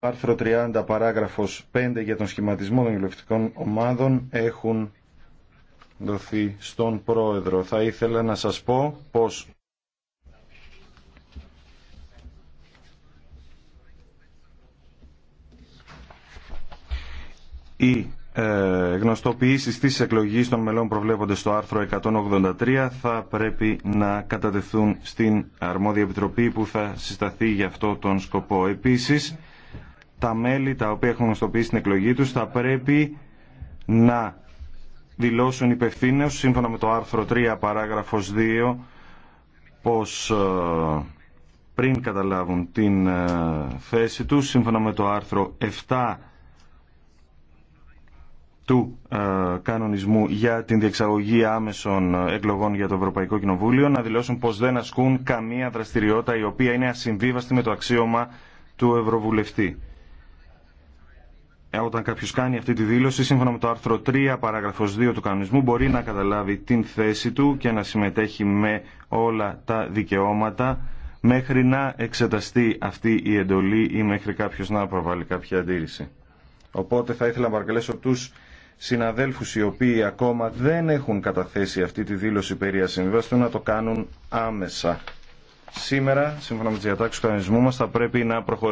άρθρο 30 παράγραφος 5 για τον σχηματισμό των ηλεκτρικών ομάδων έχουν δοθεί στον πρόεδρο. Θα ήθελα να σας πω πως οι ε, γνωστοποιήσεις της εκλογής των μελών προβλέπονται στο άρθρο 183 θα πρέπει να κατατεθούν στην αρμόδια επιτροπή που θα συσταθεί για αυτό τον σκοπό. Επίσης, τα μέλη τα οποία έχουν γνωστοποιήσει την εκλογή τους θα πρέπει να δηλώσουν υπευθύνες σύμφωνα με το άρθρο 3 παράγραφος 2 πως ε, πριν καταλάβουν την ε, θέση τους σύμφωνα με το άρθρο 7 του ε, κανονισμού για την διεξαγωγή άμεσων εκλογών για το Ευρωπαϊκό Κοινοβούλιο να δηλώσουν πως δεν ασκούν καμία δραστηριότητα η οποία είναι ασυμβίβαστη με το αξίωμα του Ευρωβουλευτή. Ε, όταν κάποιος κάνει αυτή τη δήλωση, σύμφωνα με το άρθρο 3 παράγραφος 2 του κανονισμού, μπορεί να καταλάβει την θέση του και να συμμετέχει με όλα τα δικαιώματα μέχρι να εξεταστεί αυτή η εντολή ή μέχρι κάποιος να προβάλλει κάποια αντίρρηση. Οπότε θα ήθελα να παρακαλέσω τους συναδέλφους οι οποίοι ακόμα δεν έχουν καταθέσει αυτή τη δήλωση περί ασυμβίβαστου να το κάνουν άμεσα. Σήμερα, σύμφωνα με τις διατάξεις του κανονισμού μας, θα πρέπει να προχωρήσουμε